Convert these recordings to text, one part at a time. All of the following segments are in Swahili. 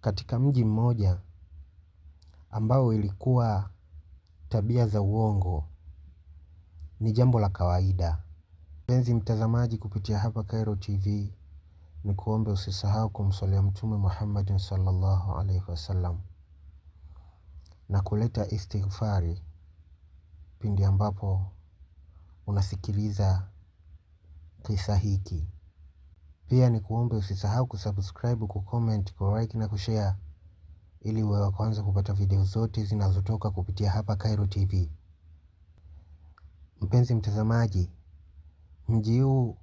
katika mji mmoja ambao ilikuwa tabia za uongo ni jambo la kawaida. Mpenzi mtazamaji kupitia hapa Khairo TV ni kuombe usisahau kumswalia Mtume Muhammadin sallallahu alaihi wasallam na kuleta istighfari pindi ambapo unasikiliza kisa hiki. Pia ni kuombe usisahau kusubscribe, kucomment, kulike na kushare ili uwe wa kwanza kupata video zote zinazotoka kupitia hapa Khairo TV. Mpenzi mtazamaji, mji huu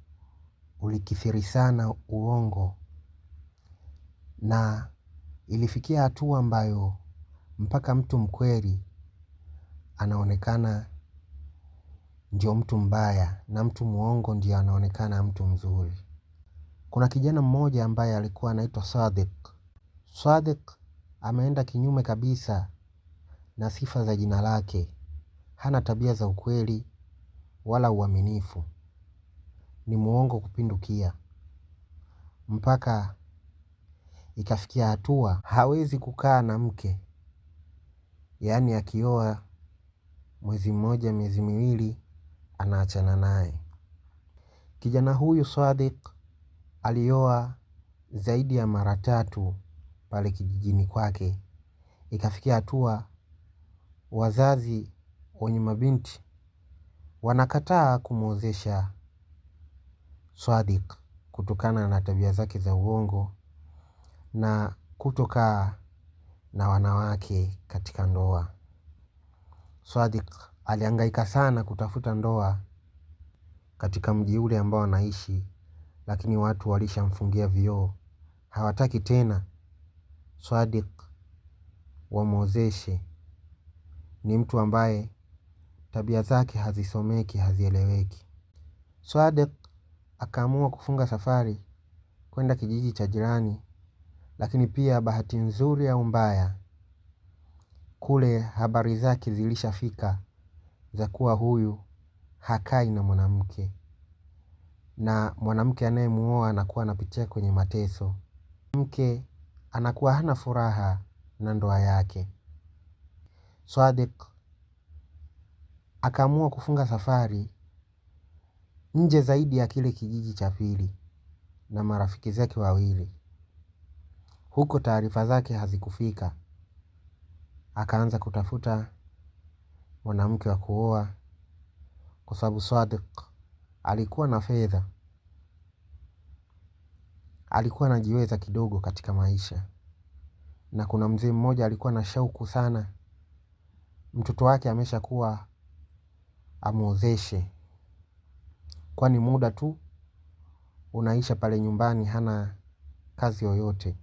ulikithiri sana uongo na ilifikia hatua ambayo mpaka mtu mkweli anaonekana ndio mtu mbaya na mtu mwongo ndio anaonekana mtu mzuri. Kuna kijana mmoja ambaye alikuwa anaitwa Sadik. Sadik ameenda kinyume kabisa na sifa za jina lake. Hana tabia za ukweli wala uaminifu. Ni mwongo kupindukia. Mpaka ikafikia hatua hawezi kukaa na mke. Yaani akioa mwezi mmoja, miezi miwili anaachana naye. Kijana huyu Sadik alioa zaidi ya mara tatu pale kijijini kwake. Ikafikia hatua wazazi wenye mabinti wanakataa kumwozesha Swadik kutokana na tabia zake za uongo na kutokaa na wanawake katika ndoa. Swadik aliangaika sana kutafuta ndoa katika mji ule ambao anaishi lakini watu walishamfungia vioo. Hawataki tena Swadik wamwozeshe. Ni mtu ambaye tabia zake hazisomeki, hazieleweki. Swadik akaamua kufunga safari kwenda kijiji cha jirani, lakini pia bahati nzuri au mbaya, kule habari zake zilishafika za kuwa huyu hakai na mwanamke na mwanamke anayemuoa anakuwa anapitia kwenye mateso. Mke anakuwa hana furaha na ndoa yake. Swadik akaamua kufunga safari nje zaidi ya kile kijiji cha pili na marafiki zake wawili. Huko taarifa zake hazikufika. Akaanza kutafuta mwanamke wa kuoa kwa sababu Swadik alikuwa na fedha, alikuwa anajiweza kidogo katika maisha. Na kuna mzee mmoja alikuwa na shauku sana, mtoto wake ameshakuwa amwozeshe, kwani muda tu unaisha pale nyumbani, hana kazi yoyote,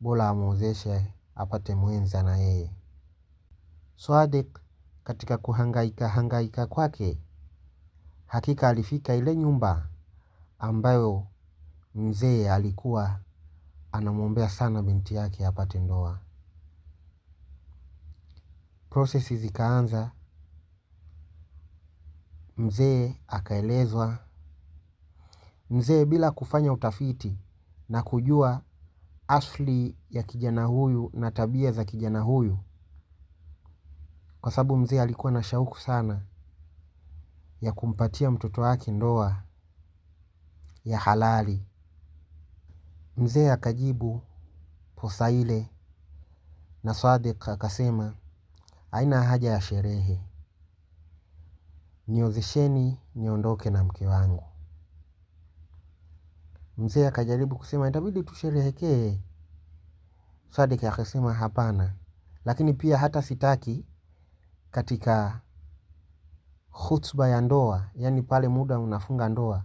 bora amwozeshe apate mwenza na yeye. Swadik katika kuhangaika hangaika kwake Hakika alifika ile nyumba ambayo mzee alikuwa anamwombea sana binti yake apate ndoa. Prosesi zikaanza, mzee akaelezwa. Mzee bila kufanya utafiti na kujua asili ya kijana huyu na tabia za kijana huyu, kwa sababu mzee alikuwa na shauku sana ya kumpatia mtoto wake ndoa ya halali. Mzee akajibu posa ile na Sadik akasema haina haja ya sherehe. Niozesheni niondoke na mke wangu. Mzee akajaribu kusema itabidi tusherehekee. Sadik akasema hapana, lakini pia hata sitaki katika hutuba ya ndoa, yani pale muda unafunga ndoa,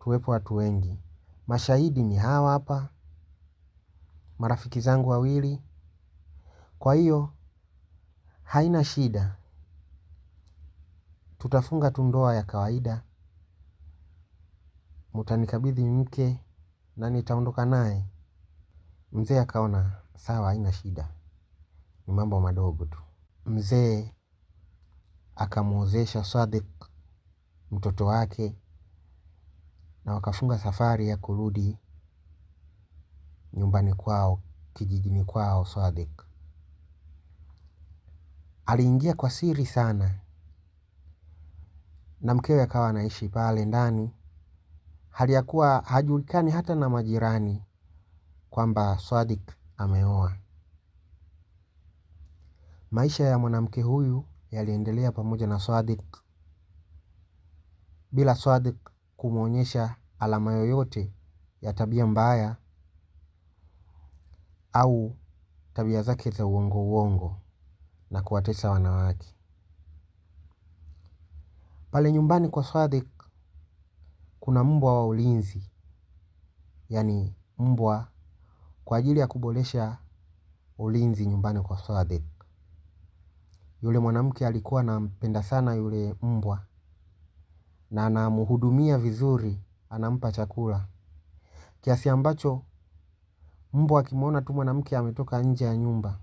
tuwepo watu wengi. Mashahidi ni hawa hapa, marafiki zangu wawili. Kwa hiyo, haina shida. Tutafunga tu ndoa ya kawaida. Mutanikabidhi mke na nitaondoka naye. Mzee akaona, sawa haina shida. Ni mambo madogo tu. Mzee akamwozesha Swadik mtoto wake na wakafunga safari ya kurudi nyumbani kwao kijijini kwao Swadik. Aliingia kwa siri sana na mkewe akawa anaishi pale ndani, hali ya kuwa hajulikani hata na majirani kwamba Swadik ameoa. Maisha ya mwanamke huyu yaliendelea pamoja na Swadik bila Swadik kumwonyesha alama yoyote ya tabia mbaya au tabia zake za uongo uongo na kuwatesa wanawake. Pale nyumbani kwa Swadik kuna mbwa wa ulinzi, yaani mbwa kwa ajili ya kuboresha ulinzi nyumbani kwa Swadik. Yule mwanamke alikuwa anampenda sana yule mbwa. Na anamhudumia vizuri, anampa chakula. Kiasi ambacho, mbwa akimwona tu mwanamke ametoka nje ya nyumba.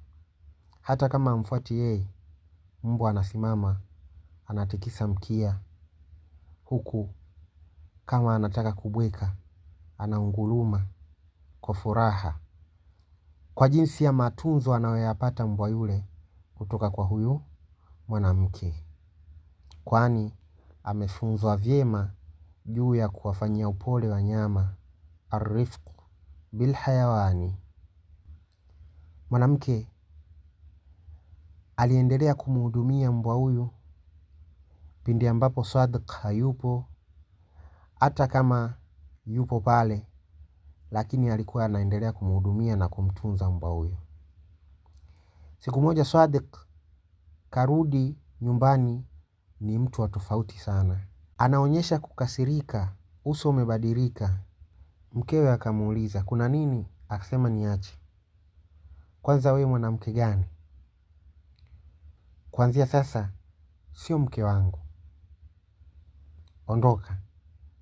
Hata kama amfuati yeye, mbwa anasimama, anatikisa mkia. Huku, kama anataka kubweka, anaunguruma, kwa furaha. Kwa jinsi ya matunzo anayoyapata mbwa yule kutoka kwa huyu mwanamke. Kwani amefunzwa vyema juu ya kuwafanyia upole wanyama arifq bil hayawani. Mwanamke aliendelea kumhudumia mbwa huyu pindi ambapo Sadiq hayupo hata kama yupo pale lakini alikuwa anaendelea kumhudumia na kumtunza mbwa huyo. Siku moja Sadiq Karudi nyumbani ni mtu wa tofauti sana. Anaonyesha kukasirika, uso umebadilika. Mkewe akamuuliza, kuna nini? Akasema niache. Kwanza wewe mwanamke gani? Kwanzia sasa, sio mke wangu. Ondoka.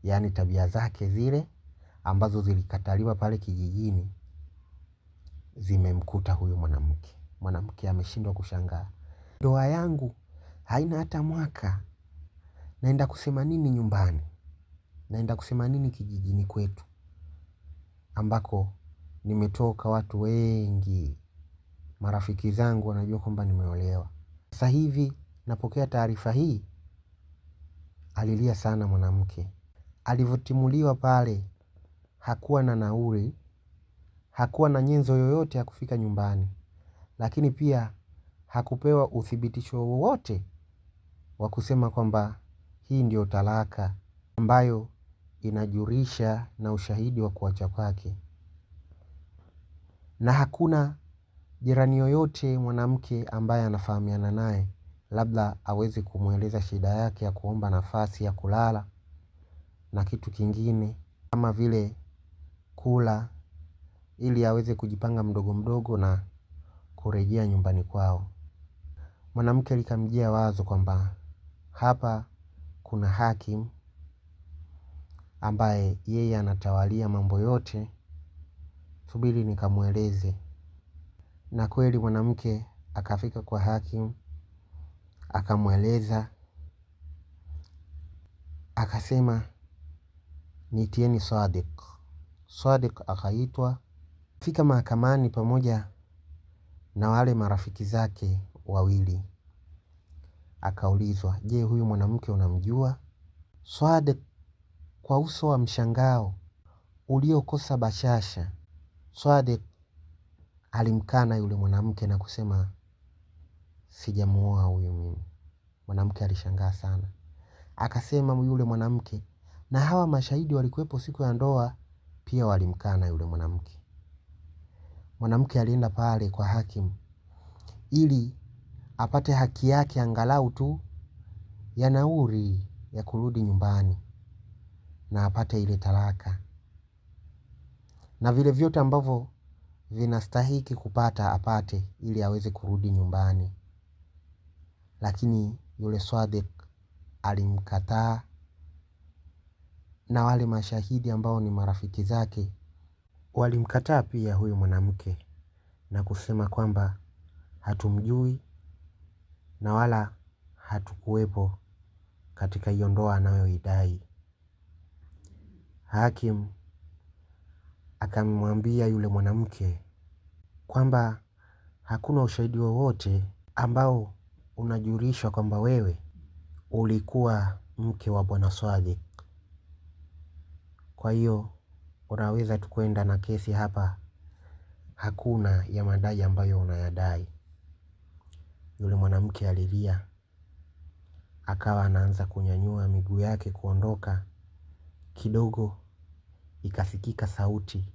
Yaani tabia zake zile ambazo zilikataliwa pale kijijini zimemkuta huyu mwanamke. Mwanamke ameshindwa kushangaa ndoa yangu haina hata mwaka. Naenda kusema nini nyumbani? Naenda kusema nini kijijini kwetu? Ambako nimetoka watu wengi. Marafiki zangu wanajua kwamba nimeolewa. Sasa hivi napokea taarifa hii. Alilia sana mwanamke. Alivyotimuliwa pale hakuwa na nauli. Hakuwa na nyenzo yoyote ya kufika nyumbani. Lakini pia hakupewa uthibitisho wowote wa kusema kwamba hii ndio talaka ambayo inajurisha na ushahidi wa kuacha kwake, na hakuna jirani yoyote mwanamke ambaye anafahamiana naye labda aweze kumweleza shida yake ya kuomba nafasi ya kulala na kitu kingine kama vile kula, ili aweze kujipanga mdogo mdogo na kurejea nyumbani kwao mwanamke likamjia wazo kwamba hapa kuna hakim ambaye yeye anatawalia mambo yote, subiri nikamweleze. Na kweli mwanamke akafika kwa hakim akamweleza, akasema nitieni Sadiq. Sadiq akaitwa fika mahakamani pamoja na wale marafiki zake wawili. Akaulizwa, je, huyu mwanamke unamjua? Swade kwa uso wa mshangao uliokosa bashasha, Swade alimkana yule mwanamke na kusema sijamuoa huyu mimi. Mwanamke alishangaa sana, akasema yule mwanamke, na hawa mashahidi walikuwepo siku ya ndoa pia walimkana yule mwanamke. Mwanamke alienda pale kwa hakimu ili apate haki yake angalau tu ya nauri ya kurudi nyumbani na apate ile talaka na vile vyote ambavyo vinastahiki kupata apate ili aweze kurudi nyumbani. Lakini yule Swadik alimkataa na wale mashahidi ambao ni marafiki zake walimkataa pia huyu mwanamke na kusema kwamba hatumjui na wala hatukuwepo katika hiyo ndoa anayoidai. hakim akamwambia yule mwanamke kwamba hakuna ushahidi wowote ambao unajurishwa kwamba wewe ulikuwa mke wa bwana Swadik. Kwa hiyo unaweza tukwenda na kesi hapa, hakuna ya madai ambayo unayadai. Yule mwanamke alilia. Akawa anaanza kunyanyua miguu yake kuondoka. Kidogo ikasikika sauti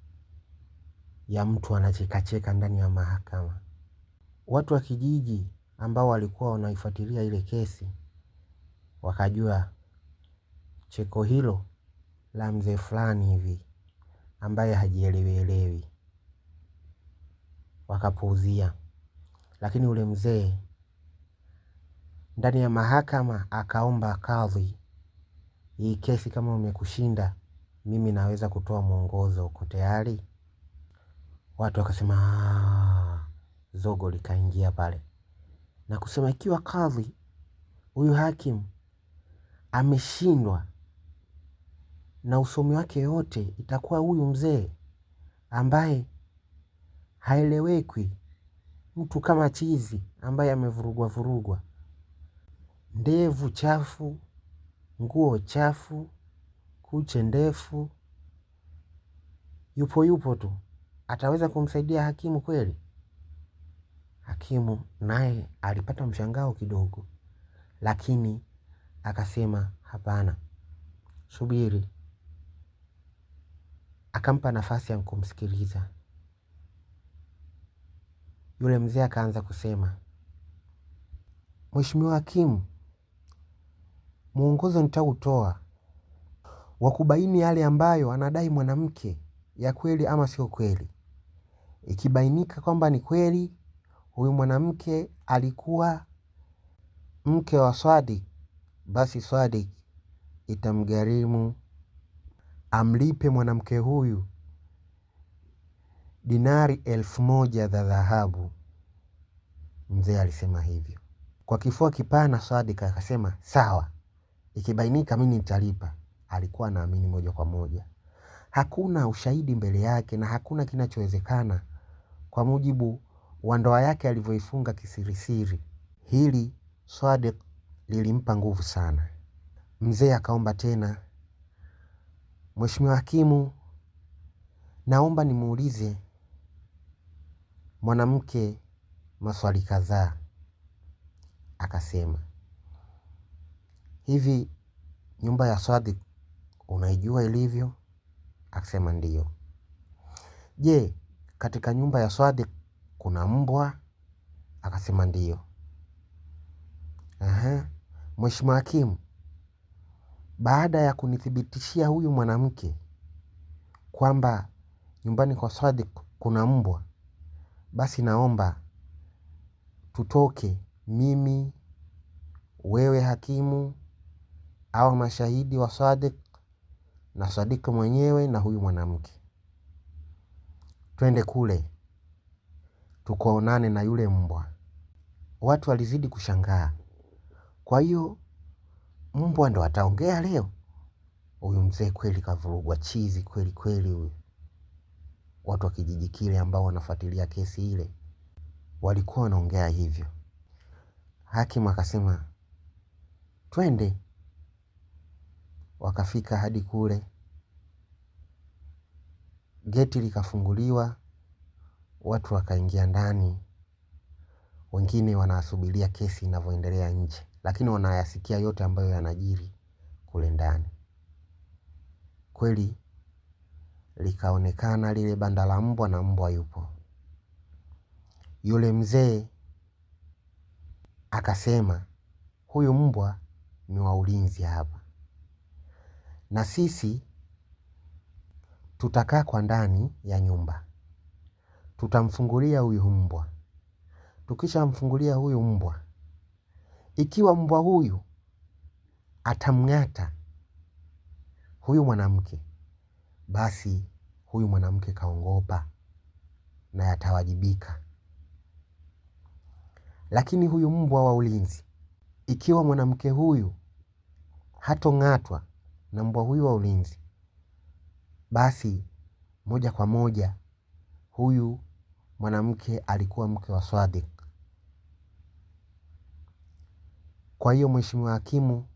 ya mtu anachekacheka ndani ya mahakama. Watu wa kijiji ambao walikuwa wanaifuatilia ile kesi wakajua cheko hilo la mzee fulani hivi ambaye hajielewielewi Wakapuuzia. Lakini ule mzee ndani ya mahakama akaomba kadhi, hii kesi kama umekushinda, mimi naweza kutoa mwongozo, uko tayari? Watu wakasema, zogo likaingia pale na kusema, ikiwa kadhi huyu hakimu ameshindwa na usomi wake yote, itakuwa huyu mzee ambaye haelewekwi, mtu kama chizi ambaye amevurugwa vurugwa ndevu chafu, nguo chafu, kucha ndefu, yupo yupo tu, ataweza kumsaidia hakimu kweli? Hakimu naye alipata mshangao kidogo, lakini akasema hapana, subiri. Akampa nafasi ya kumsikiliza yule mzee. Akaanza kusema, Mheshimiwa hakimu, Mwongozo nitautoa wa kubaini yale ambayo anadai mwanamke ya kweli ama sio kweli. Ikibainika kwamba ni kweli huyu mwanamke alikuwa mke wa Swadi, basi Swadi itamgharimu amlipe mwanamke huyu dinari elfu moja za dhahabu. Mzee alisema hivyo kwa kifua kipana. Swadi akasema sawa. Ikibainika mimi nitalipa. Alikuwa anaamini moja kwa moja. Hakuna ushahidi mbele yake na hakuna kinachowezekana kwa mujibu wa ndoa yake alivyoifunga kisirisiri. Hili Swadik lilimpa nguvu sana. Mzee akaomba tena, Mheshimiwa hakimu, naomba nimuulize mwanamke maswali kadhaa. Akasema Hivi nyumba ya Swadik unaijua ilivyo? Akasema ndiyo. Je, katika nyumba ya Swadik kuna mbwa? Akasema ndiyo. Aha, Mheshimiwa Hakimu, baada ya kunithibitishia huyu mwanamke kwamba nyumbani kwa Swadik kuna mbwa, basi naomba tutoke, mimi, wewe hakimu, awa mashahidi wa Sadiq na Sadiq mwenyewe na huyu mwanamke, twende kule tukaonane na yule mbwa. Watu walizidi kushangaa, kwa hiyo mbwa ndo ataongea leo? Huyu mzee kweli kavurugwa, chizi kweli kweli huyu. Watu wa kijiji kile ambao wanafuatilia kesi ile walikuwa wanaongea hivyo. Hakimu akasema twende wakafika hadi kule. Geti likafunguliwa, watu wakaingia ndani, wengine wanasubiria kesi inavyoendelea nje, lakini wanayasikia yote ambayo yanajiri kule ndani. Kweli likaonekana lile banda la mbwa na mbwa yupo. Yule mzee akasema, huyu mbwa ni wa ulinzi hapa, na sisi tutakaa kwa ndani ya nyumba. Tutamfungulia huyu mbwa. Tukishamfungulia huyu mbwa, ikiwa mbwa huyu atamng'ata huyu mwanamke, basi huyu mwanamke kaongopa na yatawajibika. Lakini huyu mbwa wa ulinzi, ikiwa mwanamke huyu hatong'atwa na mbwa huyu wa ulinzi, basi moja kwa moja huyu mwanamke alikuwa mke wa Swadik. Kwa hiyo Mheshimiwa Hakimu,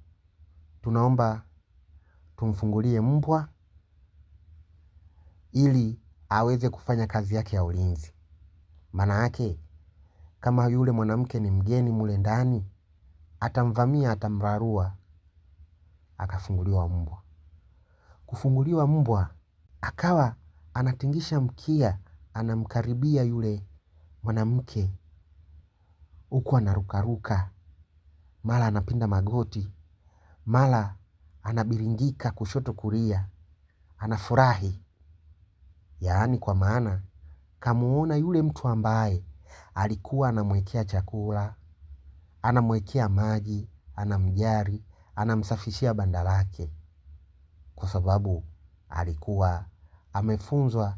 tunaomba tumfungulie mbwa ili aweze kufanya kazi yake ya ulinzi. Maana yake kama yule mwanamke ni mgeni mule ndani, atamvamia, atamrarua, akafunguliwa mbwa. Kufunguliwa mbwa akawa anatingisha mkia, anamkaribia yule mwanamke huku anarukaruka, mara anapinda magoti, mara anabiringika kushoto kulia, anafurahi. Yaani kwa maana kamuona yule mtu ambaye alikuwa anamwekea chakula, anamwekea maji, anamjali, anamsafishia banda lake kwa sababu alikuwa amefunzwa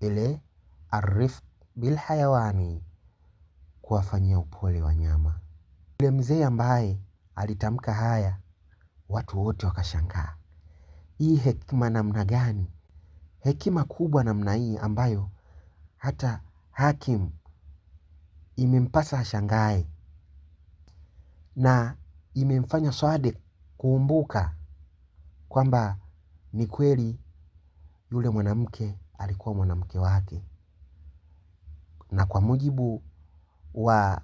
ile arif bil hayawani, kuwafanyia upole wanyama. Yule mzee ambaye alitamka haya, watu wote wakashangaa, hii hekima namna gani? Hekima kubwa namna hii ambayo hata hakim imempasa ashangae na imemfanya Swade kuumbuka kwamba ni kweli yule mwanamke alikuwa mwanamke wake, na kwa mujibu wa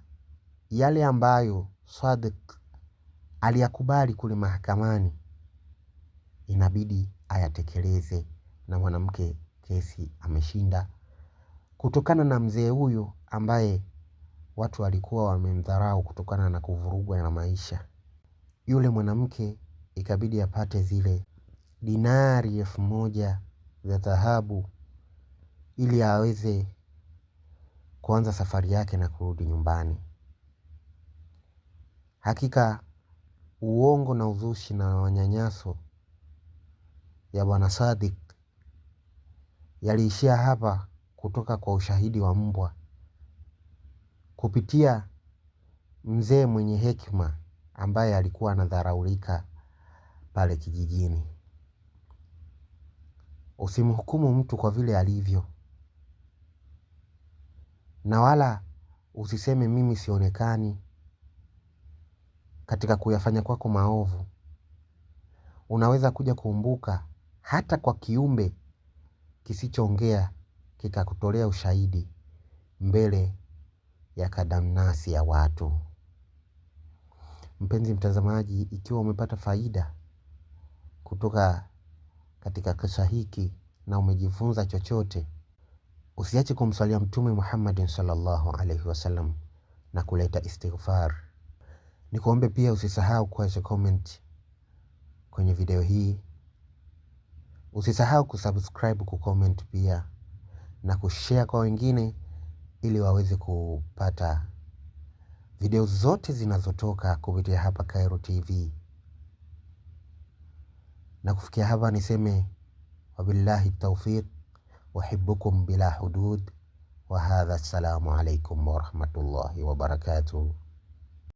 yale ambayo Swade aliyakubali kule mahakamani, inabidi ayatekeleze, na mwanamke kesi ameshinda kutokana na mzee huyu ambaye watu walikuwa wamemdharau kutokana na kuvurugwa na maisha yule mwanamke ikabidi apate zile dinari elfu moja za dhahabu ili aweze kuanza safari yake na kurudi nyumbani. Hakika uongo na uzushi na wanyanyaso ya bwana Sadik yaliishia hapa kutoka kwa ushahidi wa mbwa kupitia mzee mwenye hekima ambaye alikuwa anadharaulika pale kijijini. Usimhukumu mtu kwa vile alivyo. Na wala usiseme mimi sionekani katika kuyafanya kwako maovu. Unaweza kuja kuumbuka hata kwa kiumbe kisichoongea kikakutolea ushahidi mbele ya kadamnasi ya watu mpenzi mtazamaji, ikiwa umepata faida kutoka katika kisa hiki na umejifunza chochote, usiache kumswalia Mtume Muhammad sallallahu alaihi wasallam na kuleta istighfar. Nikuombe pia usisahau kuacha comment kwenye video hii, usisahau kusubscribe, kucomment pia na kushare kwa wengine ili waweze kupata Video zote zinazotoka kupitia hapa Khairo TV. Na kufikia hapa niseme wabillahi taufiq, uhibbukum bila hudud, wa hadha, assalamu alaikum warahmatullahi wabarakatuh.